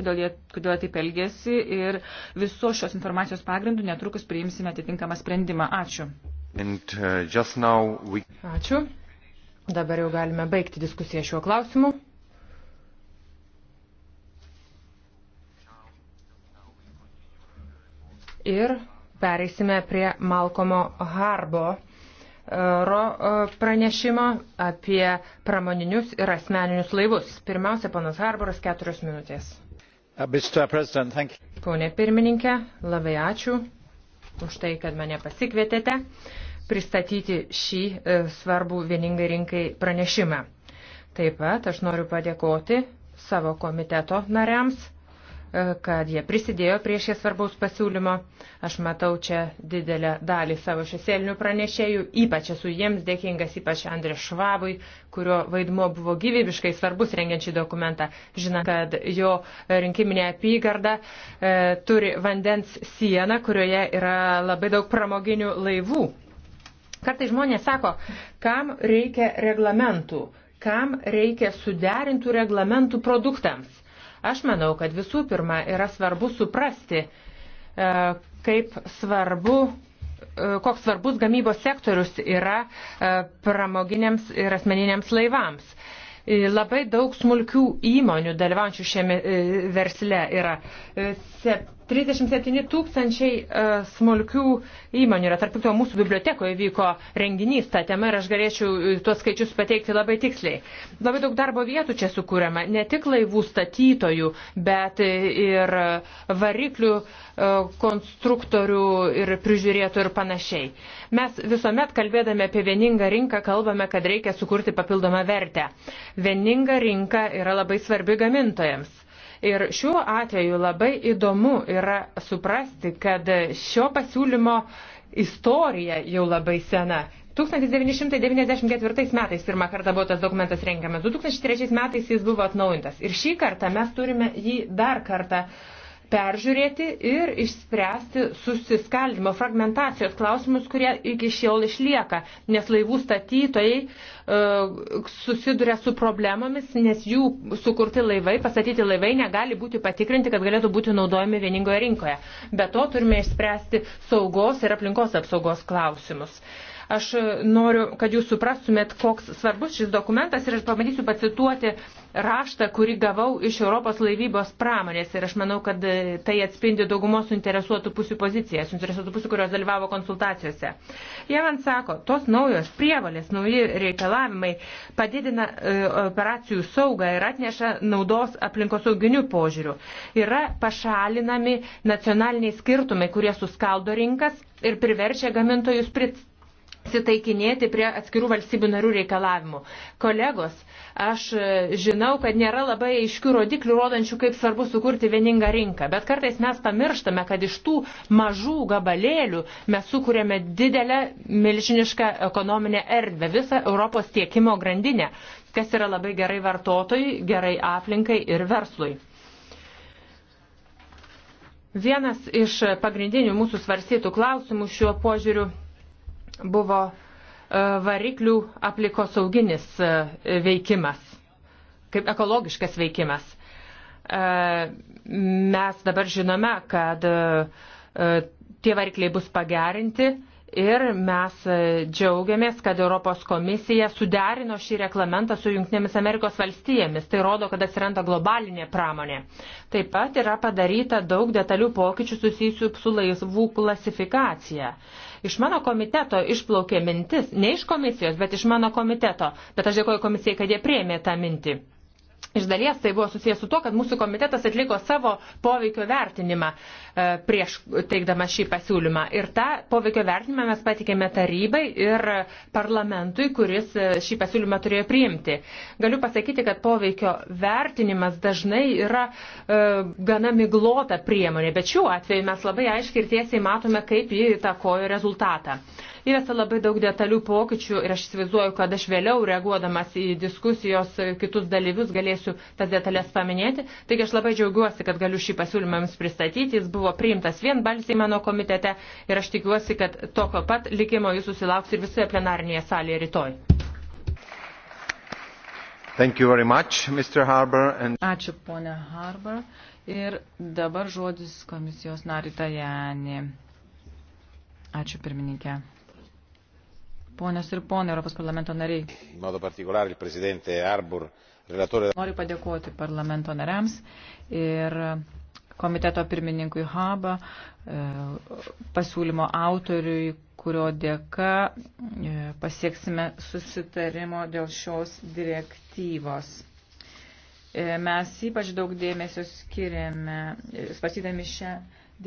kodėl jie, kodėl jie taip elgėsi ir visos šios informacijos pagrindų netrukus priimsime atitinkamą sprendimą. Ačiū. And, uh, we... Ačiū. Dabar jau galime baigti diskusiją šiuo klausimu. Ir pereisime prie Malkomo Harbo uh, uh, pranešimo apie pramoninius ir asmeninius laivus. Pirmiausia, panas Harboras, keturios minutės. Uh, Pone pirmininkė, labai ačiū už tai, kad mane pasikvietėte pristatyti šį e, svarbų vieningai rinkai pranešimą. Taip pat aš noriu padėkoti savo komiteto nariams kad jie prisidėjo prie šie svarbaus pasiūlymo. Aš matau čia didelę dalį savo šešėlinių pranešėjų, ypač esu jiems dėkingas, ypač Andrė Švabui, kurio vaidmuo buvo gyvybiškai svarbus rengiančiai dokumentą. Žinant, kad jo rinkiminė apygarda e, turi vandens sieną, kurioje yra labai daug pramoginių laivų. Kartai žmonės sako, kam reikia reglamentų, kam reikia suderintų reglamentų produktams Aš manau, kad visų pirma yra svarbu suprasti, e, kaip svarbu e, koks svarbus gamybos sektorius yra e, pramoginiams ir asmeniniams laivams. Labai daug smulkių įmonių dalyvaujančių šiame versle yra. Sep 37 tūkstančiai e, smulkių įmonių yra. Tarp to mūsų bibliotekoje vyko renginys tą temą ir aš galėčiau e, tuos skaičius pateikti labai tiksliai. Labai daug darbo vietų čia sukūrėma, ne tik laivų statytojų, bet e, ir variklių konstruktorių ir prižiūrėtų ir panašiai. Mes visuomet kalbėdami apie vieningą rinką kalbame, kad reikia sukurti papildomą vertę. Vieninga rinka yra labai svarbi gamintojams Ir šiuo atveju labai įdomu yra suprasti, kad šio pasiūlymo istorija jau labai sena. 1994 metais pirmą kartą buvo tas dokumentas rengiamas, 2003 metais jis buvo atnaujintas ir šį kartą mes turime jį dar kartą uh, peržiūrėti ir išspręsti susiskaldimo, fragmentacijos klausimus, kurie iki šiol išlieka, nes laivų statytojai uh, susiduria su problemomis, nes jų sukurti laivai, pastatyti laivai negali būti patikrinti, kad galėtų būti naudojami vieningoje rinkoje. Be to turime išspręsti saugos ir aplinkos apsaugos klausimus. Uh, Aš noriu, kad jūs suprastumėt, koks svarbus šis dokumentas ir aš pamatysiu pacituoti raštą, kurį gavau iš Europos laivybos pramonės ir aš manau, kad e, tai atspindi daugumos suinteresuotų pusių poziciją, suinteresuotų pusių, kurios dalyvavo konsultacijose. Jie man sako, tos naujos prievalės, nauji reikalavimai padidina e, operacijų saugą ir atneša naudos aplinkosauginių požiūrių. Yra pašalinami nacionaliniai skirtumai, kurie suskaldo rinkas ir priverčia gamintojus prit prisitaikinėti prie atskirų valstybių narių reikalavimų. Kolegos, aš e, žinau, kad nėra labai aiškių rodiklių rodančių, kaip svarbu sukurti vieningą rinką, bet kartais mes pamirštame, kad iš tų mažų gabalėlių mes sukūrėme didelę milžinišką ekonominę erdvę, visą Europos tiekimo grandinę, kas yra labai gerai vartotojai, gerai aplinkai ir verslui. Vienas iš pagrindinių mūsų svarstytų klausimų šiuo požiūriu buvo e, variklių aplikosauginis e, veikimas, kaip ekologiškas veikimas. E, mes dabar žinome, kad tie varikliai bus pagerinti ir mes džiaugiamės, kad Europos komisija suderino šį reglamentą su Junktinėmis Amerikos valstijomis. Tai rodo, kad atsiranda globalinė pramonė. Taip pat yra padaryta daug detalių pokyčių susijusių su laivų klasifikacija. Iš mano komiteto išplaukė mintis, ne iš komisijos, bet iš mano komiteto. Bet aš dėkoju komisijai, kad jie prieėmė tą mintį. Iš dalies tai buvo susijęs su to, kad mūsų komitetas atliko savo poveikio vertinimą e, prieš teikdamas šį pasiūlymą. Ir tą poveikio vertinimą mes patikėme tarybai ir parlamentui, kuris e, šį pasiūlymą turėjo priimti. Galiu pasakyti, kad poveikio vertinimas dažnai yra e, gana miglota priemonė, bet šiuo atveju mes labai aiškiai ir tiesiai matome, kaip jį įtakojo rezultatą. Įvesta labai daug detalių pokyčių ir aš įsivaizduoju, kad aš vėliau reaguodamas į diskusijos kitus dalyvius galėsiu tas detalės paminėti. Taigi aš labai džiaugiuosi, kad galiu šį pasiūlymą jums pristatyti. Jis buvo priimtas vienbalsiai mano komitete ir aš tikiuosi, kad tokio pat likimo jūs susilauks ir visoje plenarinėje salėje rytoj. Much, Harbour, and... Ačiū, ponė Harbour. Ir dabar žodis komisijos naritai Jani. Ačiū, pirmininkė. Ponios ir ponai, Europos parlamento nariai. Arbor, relatore... Noriu padėkoti parlamento nariams ir komiteto pirmininkui Haba, e, pasiūlymo autoriui, kurio dėka e, pasieksime susitarimo dėl šios direktyvos. E, mes ypač daug dėmesio skiriame, spasydami šią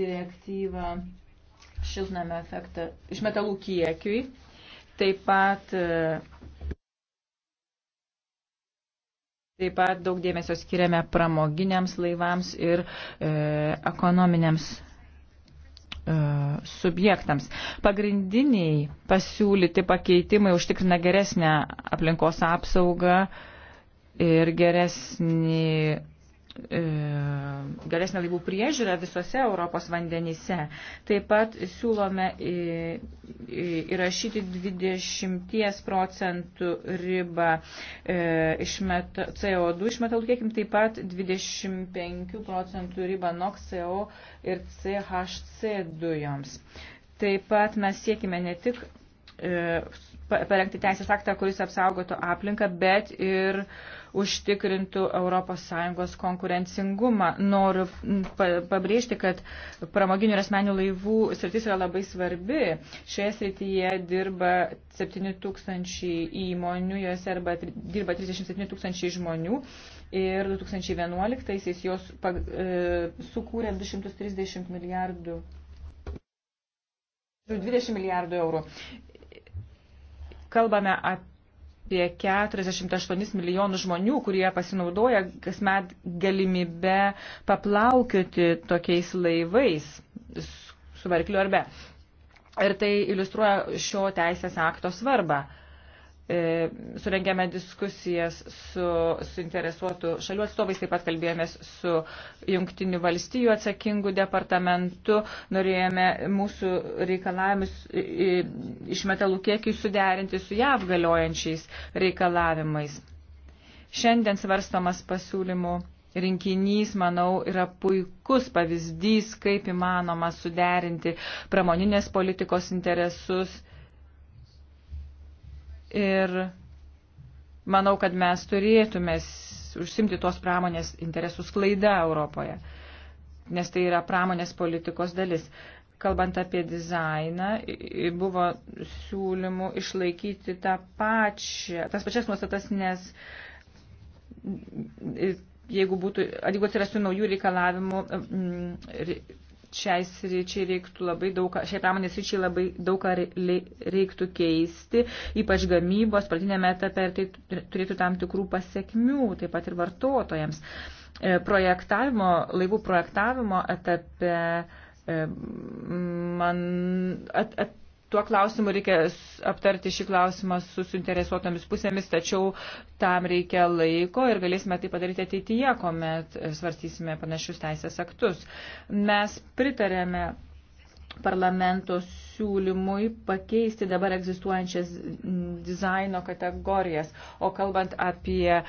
direktyvą šiltnamio efektą iš metalų kiekiui Taip pat, e, taip pat daug dėmesio skiriame pramoginiams laivams ir e, ekonominiams e, subjektams. Pagrindiniai pasiūlyti pakeitimai užtikrina geresnę aplinkos apsaugą ir geresnį E, geresnė laivų priežiūra visose Europos vandenyse. Taip pat siūlome įrašyti 20 procentų ribą e, išmeta, CO2 išmetalų kiekim, taip pat 25 procentų ribą NOX, CO ir CHC dujoms. Taip pat mes siekime ne tik e, parengti teisės aktą, kuris apsaugotų aplinką, bet ir uh, užtikrintų ES konkurencingumą. Noriu pabrėžti, kad pramoginių ir asmenių laivų sritis yra labai svarbi. Šioje srityje dirba 7 tūkstančiai įmonių, jose arba dirba 37 tūkstančiai žmonių ir 2011-aisiais jos pag, e, sukūrė 230 milijardų. 20 milijardų eurų. Kalbame apie apie 48 milijonų žmonių, kurie pasinaudoja kasmet galimybę paplaukioti tokiais laivais su varikliu arbe. Ir tai iliustruoja šio teisės akto svarbą. E, surengėme diskusijas su suinteresuotų šalių atstovais, taip pat kalbėjomės su jungtinių valstijų atsakingu departamentu, norėjome mūsų reikalavimus iš metalų kiekį suderinti su JAV galiojančiais reikalavimais. Šiandien svarstomas pasiūlymų rinkinys, manau, yra puikus pavyzdys, kaip įmanoma suderinti pramoninės politikos interesus Ir manau, kad mes turėtume užsimti tos pramonės interesų sklaidą Europoje, nes tai yra pramonės politikos dalis. Kalbant apie dizainą, buvo siūlymų išlaikyti tą pačią, tas pačias nuostatas, nes jeigu, būtų, jeigu atsirastų naujų reikalavimų šiai sričiai reiktų labai daug, šiai pramonės sričiai labai daug ką reiktų keisti, ypač gamybos, pradinėme etape ir tai turėtų tam tikrų pasiekmių, taip pat ir vartotojams. E, projektavimo, laivų projektavimo etape e, man at, at, tuo klausimu reikia aptarti šį klausimą su suinteresuotomis pusėmis, tačiau tam reikia laiko ir galėsime tai padaryti ateityje, kuomet e, svarstysime panašius teisės aktus. Mes pritarėme parlamentos siūlymui pakeisti dabar egzistuojančias dizaino kategorijas. O kalbant apie e,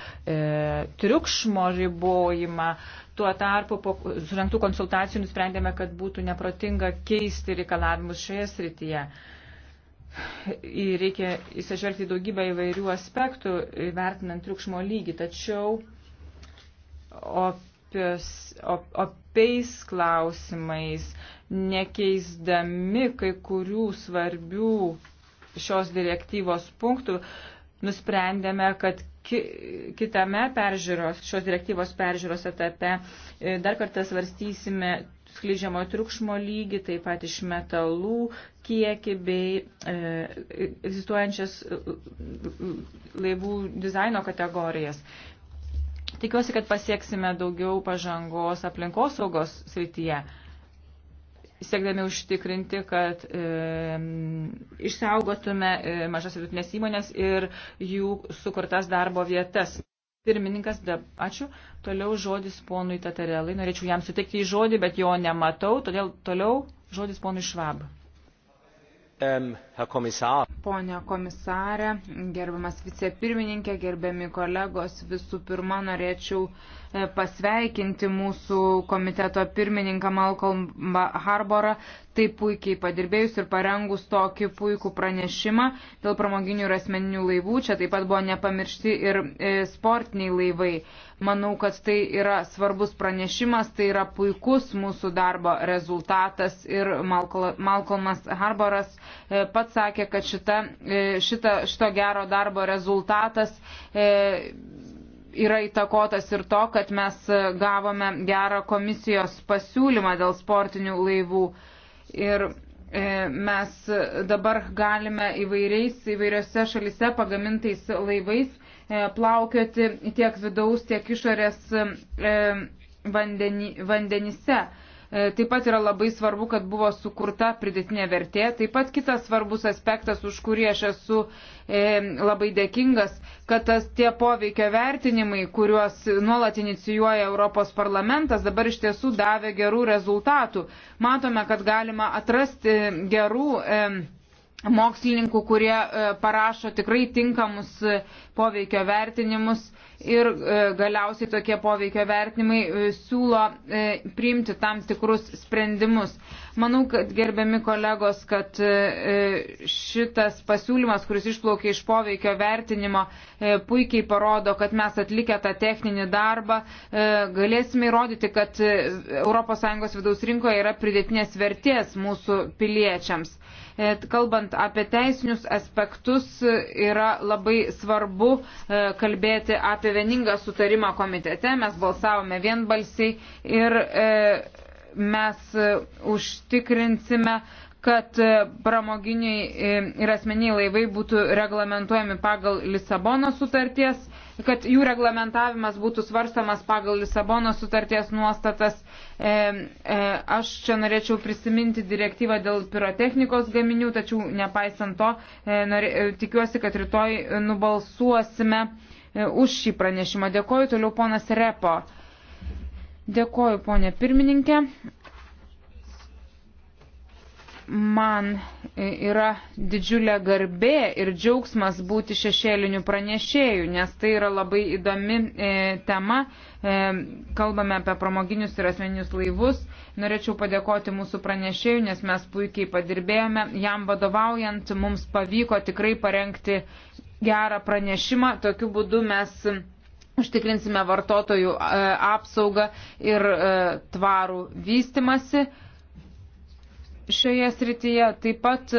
triukšmo ribojimą, tuo tarpu po surinktų konsultacijų nusprendėme, kad būtų neprotinga keisti reikalavimus šioje srityje. Ir reikia įsižvelgti daugybę įvairių aspektų, vertinant triukšmo lygį, tačiau opios, op, opiais klausimais nekeisdami kai kurių svarbių šios direktyvos punktų, nusprendėme, kad kitame peržiūros, šios direktyvos peržiūros etape e, dar kartą svarstysime skleidžiamo triukšmo lygį, taip pat iš metalų kiekį bei e, egzistuojančias e, e, laivų dizaino kategorijas. Tikiuosi, kad pasieksime daugiau pažangos aplinkosaugos srityje siekdami užtikrinti, kad e, išsaugotume e, mažas ir vidutinės įmonės ir jų sukurtas darbo vietas. Pirmininkas, da, ačiū. Toliau žodis ponui Tatarelai. Norėčiau jam suteikti į žodį, bet jo nematau, todėl toliau žodis ponui Švab. Pone komisarė, gerbiamas vicepirmininkė, gerbiami kolegos, visų pirma norėčiau e, pasveikinti mūsų komiteto pirmininką Malcolm Harborą, taip puikiai padirbėjus ir parengus tokį puikų pranešimą dėl pramoginių ir asmeninių laivų. Čia taip pat buvo nepamiršti ir e, sportiniai laivai. Manau, kad tai yra svarbus pranešimas, tai yra puikus mūsų darbo rezultatas ir Malcolmas Harboras e, pats sakė, kad šita, e, šita, šito gero darbo rezultatas e, yra įtakotas ir to, kad mes gavome gerą komisijos pasiūlymą dėl sportinių laivų. E, Ir e, mes dabar galime įvairiais, įvairiose šalise pagamintais laivais e, plaukioti tiek vidaus, tiek išorės e, vandenise. E, taip pat yra labai svarbu, kad buvo sukurta pridėtinė vertė. Taip pat kitas svarbus aspektas, už kurį aš esu e, labai dėkingas, kad tas tie poveikio vertinimai, kuriuos nuolat inicijuoja Europos parlamentas, dabar iš tiesų davė gerų rezultatų. Matome, kad galima atrasti gerų. E, Mokslininkų, kurie e, parašo tikrai tinkamus e, poveikio vertinimus ir e, galiausiai tokie poveikio vertinimai e, siūlo e, priimti tam tikrus sprendimus. Manau, kad gerbiami kolegos, kad šitas pasiūlymas, kuris išplaukia iš poveikio vertinimo, puikiai parodo, kad mes atlikę tą techninį darbą, galėsime įrodyti, kad ES vidaus rinkoje yra pridėtinės vertės mūsų piliečiams kalbant apie teisinius aspektus, yra labai svarbu kalbėti apie apie vieningą sutarimą komitete, mes balsavome vienbalsiai ir e, mes e, užtikrinsime, kad e, pramoginiai e, ir asmeniai laivai būtų reglamentuojami pagal Lisabono sutarties, kad jų reglamentavimas būtų svarstamas pagal Lisabono sutarties nuostatas. E, e, aš čia norėčiau prisiminti direktyvą dėl pirotechnikos gaminių, tačiau nepaisant to, e, norė, e, tikiuosi, kad rytoj nubalsuosime. E, E, už šį pranešimą. Dėkoju toliau ponas Repo. Dėkoju ponė pirmininkė. Man e, yra didžiulė garbė ir džiaugsmas būti šešėliniu pranešėju, nes tai yra labai įdomi e, tema. E, kalbame apie pramoginius ir asmeninius laivus. Norėčiau padėkoti mūsų pranešėjui, nes mes puikiai padirbėjome. Jam vadovaujant mums pavyko tikrai parengti gerą pranešimą. Tokiu būdu mes užtikrinsime vartotojų e, apsaugą ir e, tvarų vystimasi šioje srityje. Taip pat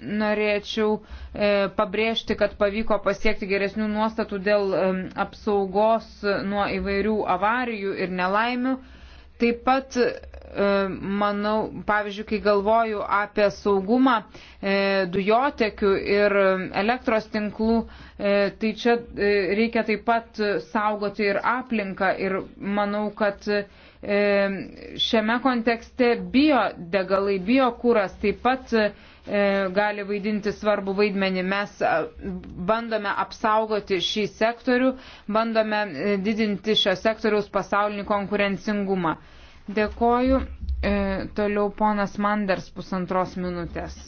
norėčiau e, pabrėžti, kad pavyko pasiekti geresnių nuostatų dėl e, apsaugos nuo įvairių avarijų ir nelaimių. Taip pat E, manau, pavyzdžiui, kai galvoju apie saugumą e, dujotekių ir elektros tinklų, e, tai čia reikia taip pat saugoti ir aplinką ir manau, kad šiame kontekste biodegalai, biokūras taip pat gali vaidinti svarbu vaidmenį. Mes bandome apsaugoti šį sektorių, bandome didinti šio sektoriaus pasaulinį konkurencingumą. Dėkoju. E, toliau ponas Manders pusantros minutės.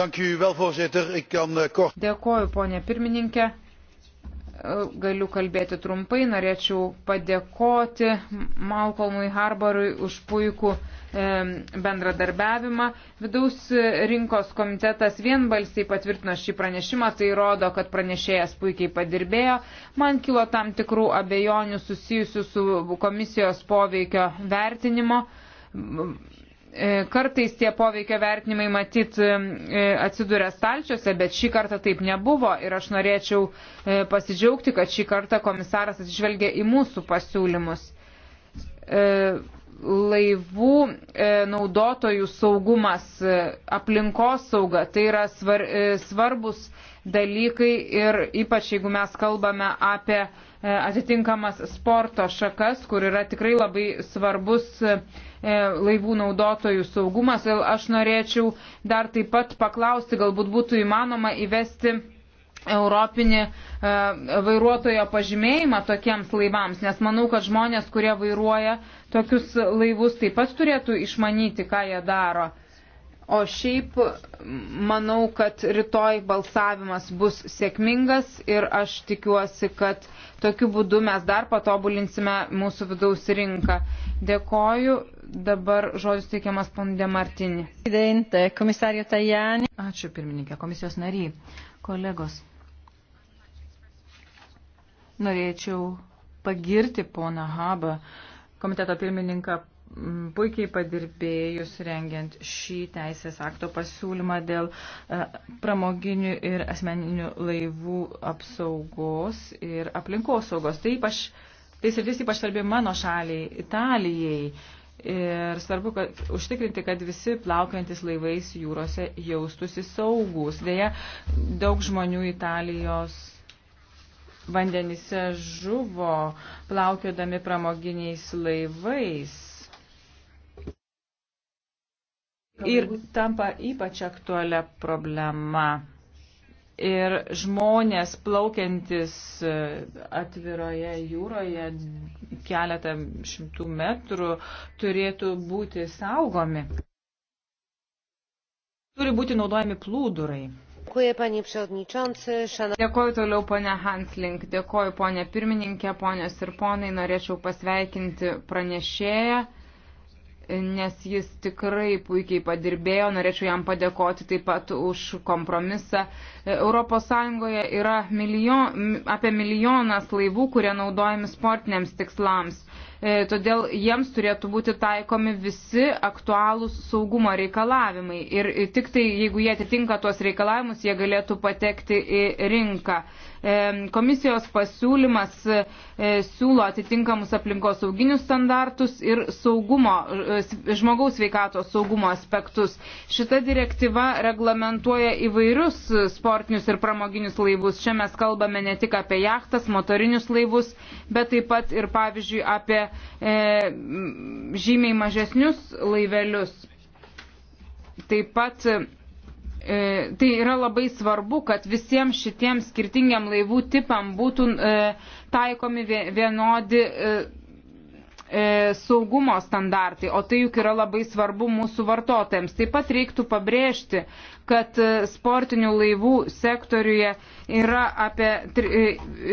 Dank u wel, voorzitter. Ik kan eh, kort. Dėkoju, ponė pirmininkė galiu kalbėti trumpai. Norėčiau padėkoti Malcolmui Harborui už puikų e, bendradarbiavimą. Vidaus rinkos komitetas vienbalsiai patvirtino šį pranešimą, tai rodo, kad pranešėjas puikiai padirbėjo. Man kilo tam tikrų abejonių susijusių su komisijos poveikio vertinimo E, kartais tie poveikio vertinimai matyt e, atsiduria stalčiuose, bet šį kartą taip nebuvo ir aš norėčiau e, pasidžiaugti, kad šį kartą komisaras atsižvelgia į mūsų pasiūlymus. Laivų naudotojų saugumas, aplinkos sauga, tai yra svarbus dalykai ir ypač jeigu mes kalbame apie e, atitinkamas sporto šakas, kur yra tikrai labai svarbus e, laivų naudotojų saugumas. Ir aš norėčiau dar taip pat paklausti, galbūt būtų įmanoma įvesti europinį e, vairuotojo pažymėjimą tokiems laivams, nes manau, kad žmonės, kurie vairuoja tokius laivus, taip pat turėtų išmanyti, ką jie daro. O šiaip manau, kad rytoj balsavimas bus sėkmingas ir aš tikiuosi, kad tokiu būdu mes dar patobulinsime mūsų vidaus rinką. Dėkoju. Dabar žodis teikiamas pondė Martinį. Ačiū pirmininkė, komisijos nariai, kolegos. Norėčiau pagirti poną Habą, komiteto pirmininką puikiai padirbėjus rengiant šį teisės akto pasiūlymą dėl e, pramoginių ir asmeninių laivų apsaugos ir aplinkosaugos. Tai ypač, tai sritis ypač svarbi mano šaliai, Italijai. Ir svarbu kad, užtikrinti, kad visi plaukiantis laivais jūrose jaustusi saugus. Deja, daug žmonių Italijos vandenise žuvo plaukiodami pramoginiais laivais ir tampa ypač aktualia problema. Ir žmonės plaukiantis e, atviroje jūroje keletą šimtų metrų turėtų būti saugomi. Turi būti naudojami plūdurai. Dėkuoju, panie Pšeodničiansi. Šana... Dėkuoju toliau, ponė Hanslink. Dėkuoju, ponė pirmininkė, ponės ir ponai. Norėčiau pasveikinti pranešėją nes jis tikrai puikiai padirbėjo. Norėčiau jam padėkoti taip pat už kompromisą. ES yra milijon, apie milijonas laivų, kurie naudojami sportiniams tikslams. E, todėl jiems turėtų būti taikomi visi aktualūs saugumo reikalavimai. Ir tik tai, jeigu jie atitinka tuos reikalavimus, jie galėtų patekti į rinką. E, komisijos pasiūlymas e, siūlo atitinkamus aplinkos sauginius standartus ir saugumo, žmogaus veikatos saugumo aspektus. Šita direktyva reglamentuoja įvairius sportinius ir pramoginius laivus. Čia mes kalbame ne tik apie jachtas, motorinius laivus, bet taip pat ir pavyzdžiui apie E, žymiai mažesnius laivelius. Taip pat e, tai yra labai svarbu, kad visiems šitiems skirtingiam laivų tipam būtų e, taikomi vienodi e, saugumo standartai, o tai juk yra labai svarbu mūsų vartotojams. Taip pat reiktų pabrėžti, kad e, sportinių laivų sektoriuje yra apie, e,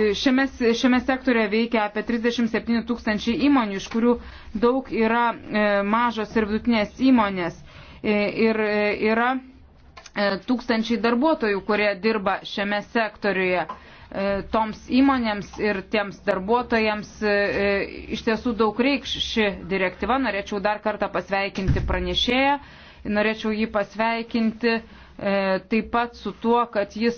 e, šiame, šiame sektoriuje veikia apie 37 tūkstančiai įmonių, iš kurių daug yra e, mažos ir vidutinės įmonės. E, ir e, yra tūkstančiai darbuotojų, kurie dirba šiame sektoriuje. E, toms įmonėms ir tiems darbuotojams e, e, iš tiesų daug reikš ši direktyva. Norėčiau dar kartą pasveikinti pranešėją, norėčiau jį pasveikinti E, taip pat su tuo, kad jis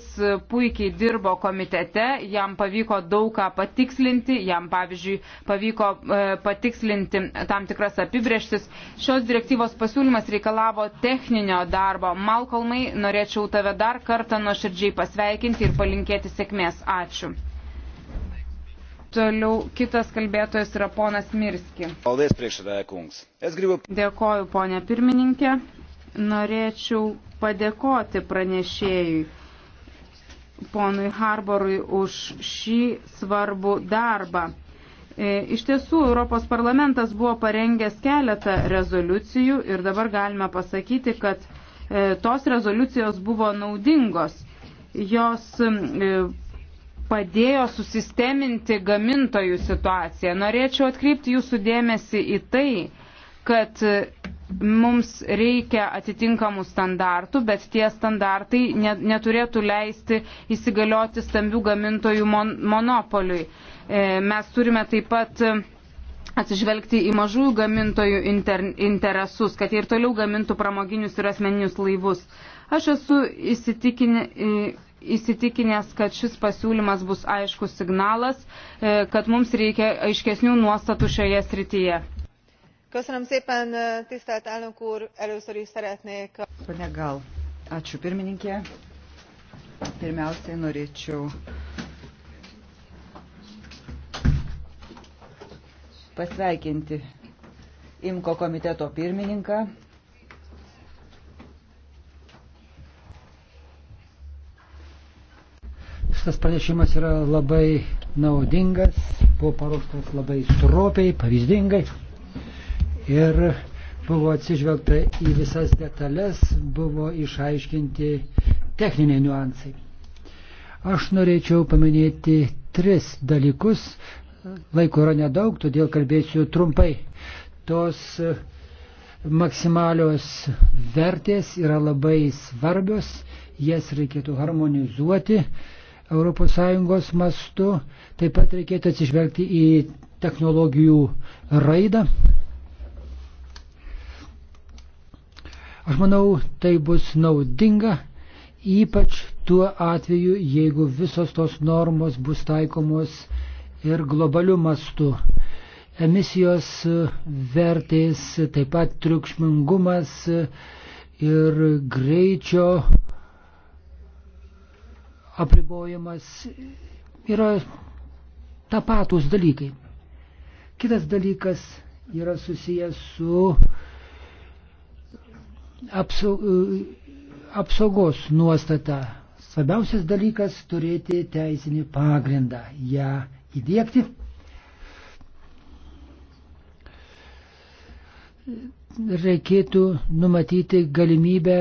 puikiai dirbo komitete, jam pavyko daug ką patikslinti, jam pavyzdžiui pavyko e, patikslinti tam tikras apibrieštis. Šios direktyvos pasiūlymas reikalavo techninio darbo. Malkolmai, norėčiau tave dar kartą nuoširdžiai pasveikinti ir palinkėti sėkmės. Ačiū. Toliau kitas kalbėtojas yra ponas Mirski. Dėkoju, ponė pirmininkė. Norėčiau padėkoti pranešėjui ponui Harborui už šį svarbų darbą. E, iš tiesų, Europos parlamentas buvo parengęs keletą rezoliucijų ir dabar galime pasakyti, kad e, tos rezoliucijos buvo naudingos. Jos e, padėjo susisteminti gamintojų situaciją. Norėčiau atkreipti jūsų dėmesį į tai, kad mums reikia atitinkamų standartų, bet tie standartai neturėtų leisti įsigalioti stambių gamintojų mon monopoliui. E, mes turime taip pat atsižvelgti į mažųjų gamintojų inter interesus, kad jie ir toliau gamintų pramoginius ir asmeninius laivus. Aš esu įsitikinę. Įsitikinęs, kad šis pasiūlymas bus aiškus signalas, e, kad mums reikia aiškesnių nuostatų šioje srityje tisztelt elnök úr először is szeretnék. pone gal ačiū pirmininke pirmiausiai norėčiau pasveikinti imco komiteto pirmininką šitas pranešimas yra labai naudingas buvo paruoštas labai stropiai pavyzdingai ir buvo atsižvelgta į visas detalės, buvo išaiškinti techniniai niuansai. Aš norėčiau paminėti tris dalykus. Laiko yra nedaug, todėl kalbėsiu trumpai. Tos e, maksimalios vertės yra labai svarbios, jas reikėtų harmonizuoti ES mastu, taip pat reikėtų atsižvelgti į technologijų raidą Aš manau, tai bus naudinga, ypač tuo atveju, jeigu visos tos normos bus taikomos ir globaliu mastu. Emisijos vertės, taip pat triukšmingumas ir greičio apribojimas yra tapatus dalykai. Kitas dalykas yra susijęs su uh, apsu, e, apsaugos nuostata. Svarbiausias dalykas - turėti teisinį pagrindą, ją įdėkti. Reikėtų numatyti galimybę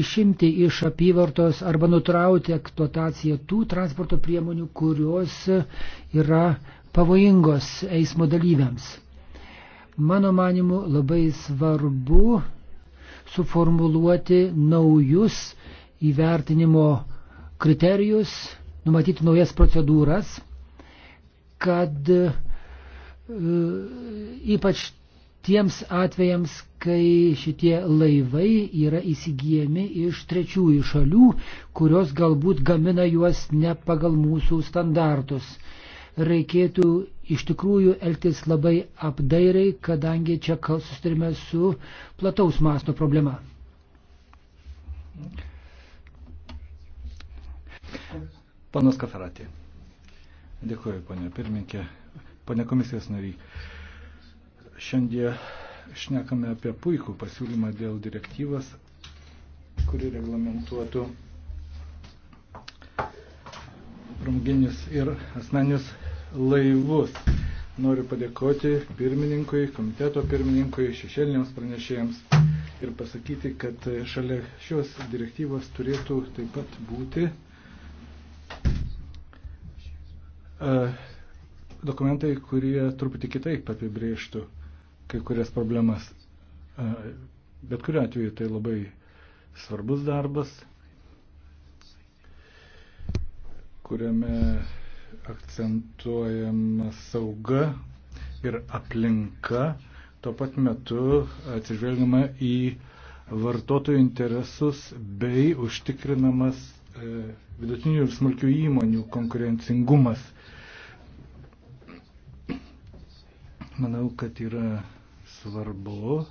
išimti iš apyvartos arba nutraukti eksploataciją tų transporto priemonių, kurios yra pavojingos eismo dalyviams. Mano manimu, labai svarbu suformuluoti naujus įvertinimo kriterijus, numatyti naujas procedūras, kad e, ypač tiems atvejams, kai šitie laivai yra įsigijami iš trečiųjų šalių, kurios galbūt gamina juos ne pagal mūsų standartus. Reikėtų iš tikrųjų elgtis labai apdairiai, kadangi čia susitarime su plataus masto problema. Panas Kaferatė. Dėkuoju, ponė pirmininkė. Pane komisijos nariai, šiandien šnekame apie puikų pasiūlymą dėl direktyvas, kuri reglamentuotų pramoginius ir asmenius laivus. Noriu padėkoti pirmininkui, komiteto pirmininkui, šešėliniams pranešėjams ir pasakyti, kad šalia šios direktyvos turėtų taip pat būti e, dokumentai, kurie truputį kitaip apibrėžtų kai kurias problemas. E, bet kuriu atveju tai labai svarbus darbas, kuriame akcentuojama sauga ir aplinka, tuo pat metu atsižvelgiama į vartotojų interesus bei užtikrinamas e, vidutinių ir smulkių įmonių konkurencingumas. Manau, kad yra svarbu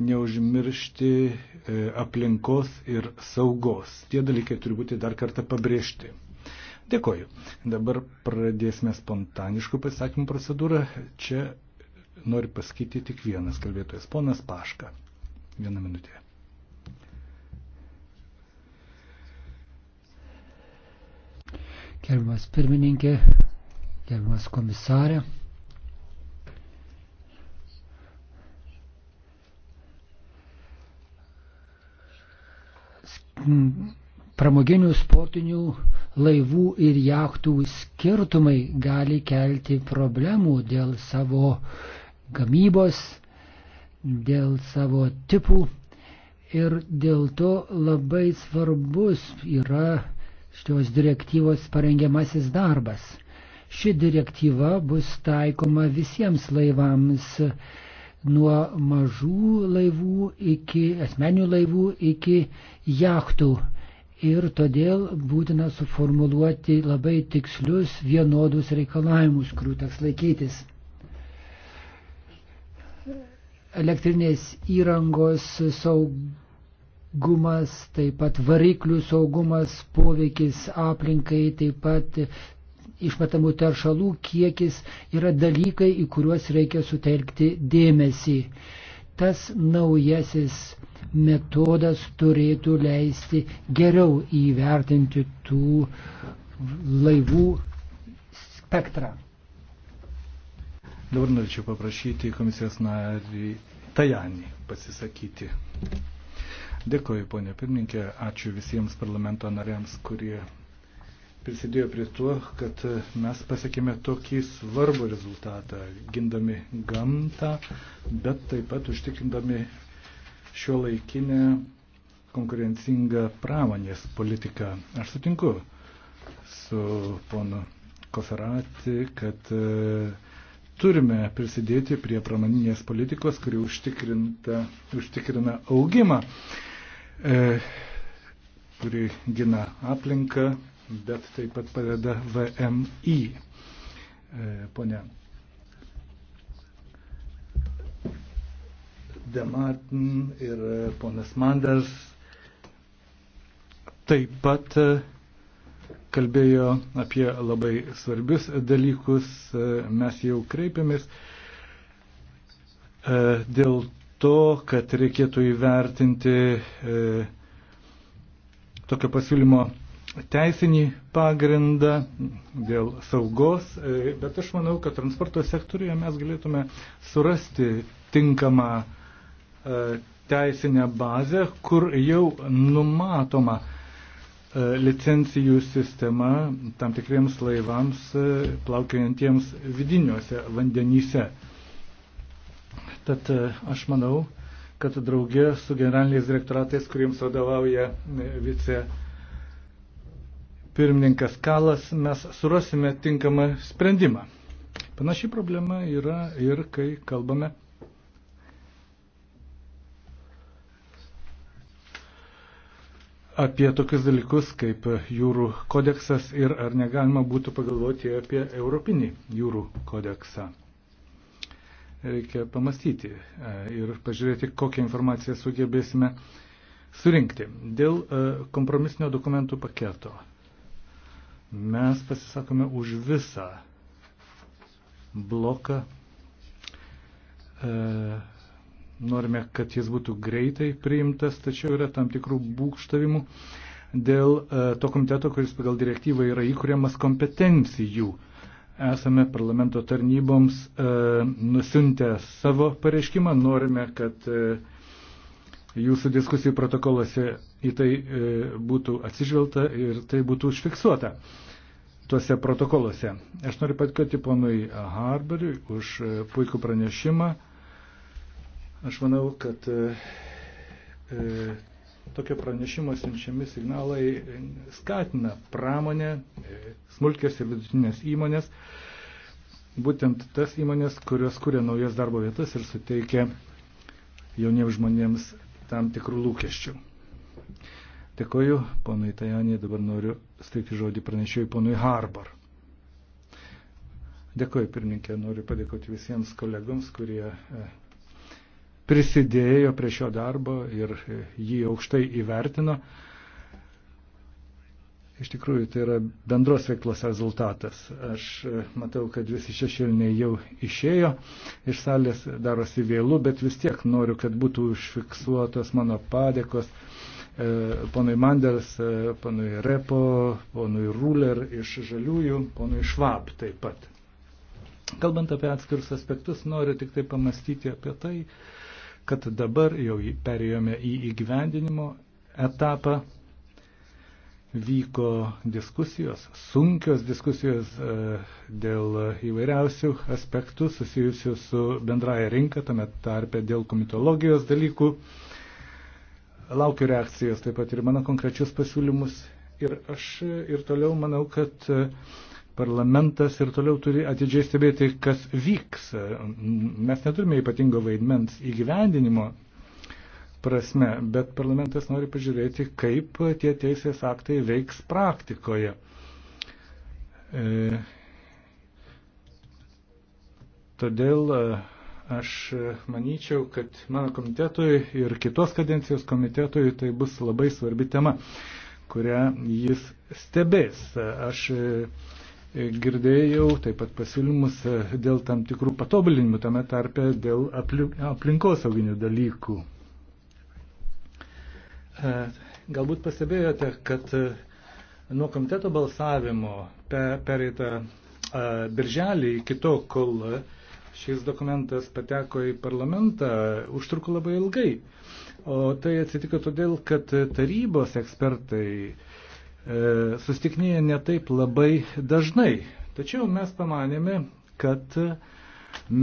neužmiršti e, aplinkos ir saugos. Tie dalykai turi būti dar kartą pabrėžti. Dėkoju. Dabar pradėsime spontaniškų pasakymų procedūrą. Čia noriu pasakyti tik vienas kalbėtojas, ponas Paška. Vieną minutę. Gerbiamas pirmininkė, gerbiamas komisarė. pramoginių sportinių laivų ir jachtų skirtumai gali kelti problemų dėl savo gamybos, dėl savo tipų ir dėl to labai svarbus yra šios direktyvos parengiamasis darbas. Ši direktyva bus taikoma visiems laivams nuo mažų laivų iki asmenių laivų iki jachtų. Ir todėl būtina suformuluoti labai tikslius vienodus reikalavimus, kurių teks laikytis. Elektrinės įrangos saugumas, taip pat variklių saugumas, poveikis aplinkai, taip pat išmetamų teršalų kiekis yra dalykai, į kuriuos reikia sutelkti dėmesį. Tas naujasis metodas turėtų leisti geriau įvertinti tų laivų spektrą. Dabar norėčiau paprašyti komisijos narį Tajanį pasisakyti. Dėkoju, ponė pirmininkė, ačiū visiems parlamento nariams, kurie prisidėjo prie to, kad e, mes pasiekime tokį svarbų rezultatą, gindami gamtą, bet taip pat užtikrindami šio laikinę konkurencingą pramonės politiką. Aš sutinku su ponu Koferati, kad e, turime prisidėti prie pramoninės politikos, kuri užtikrina augimą, e, kuri gina aplinką, bet taip pat padeda VMI. E, pone Demartin ir e, ponas Manders taip pat e, kalbėjo apie labai svarbius dalykus. Mes jau kreipėmės dėl to, kad reikėtų įvertinti tokio pasiūlymo teisinį pagrindą, dėl saugos, e, bet aš manau, kad transporto sektoriuje mes galėtume surasti tinkamą e, teisinę bazę, kur jau numatoma e, licencijų sistema tam tikriems laivams plaukiantiems vidiniuose vandenyse. Tad aš manau, kad draugė su generaliniais direktoratais, kuriems vadovauja vice pirmininkas Kalas, mes surasime tinkamą sprendimą. Panaši problema yra ir kai kalbame apie tokius dalykus kaip jūrų kodeksas ir ar negalima būtų pagalvoti apie Europinį jūrų kodeksą. Reikia pamastyti e, ir pažiūrėti, kokią informaciją sugebėsime surinkti. Dėl e, kompromisinio dokumentų paketo Mes pasisakome už visą bloką. E, norime, kad jis būtų greitai priimtas, tačiau yra tam tikrų būkštavimų dėl e, to komiteto, kuris pagal direktyvą yra įkūriamas kompetencijų. Esame parlamento tarnyboms e, nusiuntę savo pareiškimą, norime, kad e, jūsų diskusijų protokolose į tai e, būtų atsižvelgta ir tai būtų užfiksuota tuose protokoluose. Aš noriu patikoti ponui Harberiui už e, puikų pranešimą. Aš manau, kad e, e, tokio pranešimo siunčiami signalai skatina pramonę, e, smulkės ir vidutinės įmonės, būtent tas įmonės, kurios kuria naujas darbo vietas ir suteikia jauniems žmonėms tam tikrų lūkesčių. Dėkoju, ponui Tajanė, dabar noriu steikti žodį pranešėjui ponui Harbar. Dėkoju, pirmininkė, noriu padėkoti visiems kolegoms, kurie e, prisidėjo prie šio darbo ir e, jį aukštai įvertino. Iš tikrųjų, tai yra bendros veiklos rezultatas. Aš e, matau, kad visi šešėliniai jau išėjo iš salės, darosi vėlų, bet vis tiek noriu, kad būtų užfiksuotos mano padėkos E, ponui Manders, e, ponui Repo, ponui Ruler iš Žaliųjų, ponui Švab taip pat. Kalbant apie atskirus aspektus, noriu tik tai pamastyti apie tai, kad dabar jau perėjome į įgyvendinimo etapą. Vyko diskusijos, sunkios diskusijos e, dėl įvairiausių aspektų susijusių su bendraja rinka, tame tarpe dėl komitologijos dalykų laukiu reakcijos taip pat ir mano konkrečius pasiūlymus. Ir aš ir toliau manau, kad e, parlamentas ir toliau turi atidžiai stebėti, kas vyks. E, mes neturime ypatingo vaidmens įgyvendinimo prasme, bet parlamentas nori pažiūrėti, kaip tie teisės aktai veiks praktikoje. E, todėl e, Aš manyčiau, kad mano komitetui ir kitos kadencijos komitetui tai bus labai svarbi tema, kurią jis stebės. Aš e, girdėjau taip pat pasiūlymus e, dėl tam tikrų patobulinimų tame tarpe dėl aplinkosauginių dalykų. E, galbūt pastebėjote, kad nuo komiteto balsavimo pereitą birželį iki to, kol šis dokumentas pateko į parlamentą, užtruko labai ilgai. O tai atsitiko todėl, kad tarybos ekspertai e, sustiknėja netaip labai dažnai. Tačiau mes pamanėme, kad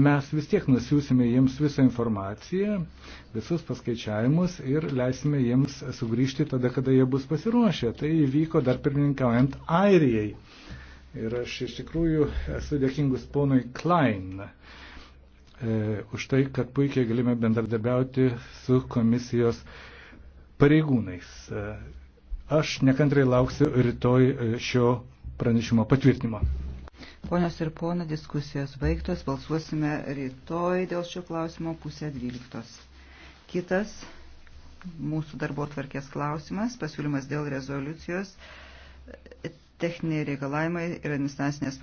mes vis tiek nusiųsime jiems visą informaciją, visus paskaičiavimus ir leisime jiems sugrįžti tada, kada jie bus pasiruošę. Tai įvyko dar pirmininkaujant Airijai. Ir aš iš tikrųjų esu dėkingus ponui Klein E, už tai, kad puikiai galime bendradarbiauti su komisijos pareigūnais. E, aš nekantrai lauksiu rytoj e, šio pranešimo patvirtinimo. Ponios ir pona, diskusijos baigtos, balsuosime rytoj dėl šio klausimo pusę dvyliktos. Kitas mūsų darbo tvarkės klausimas, pasiūlymas dėl rezoliucijos, techniniai reikalavimai ir administracinės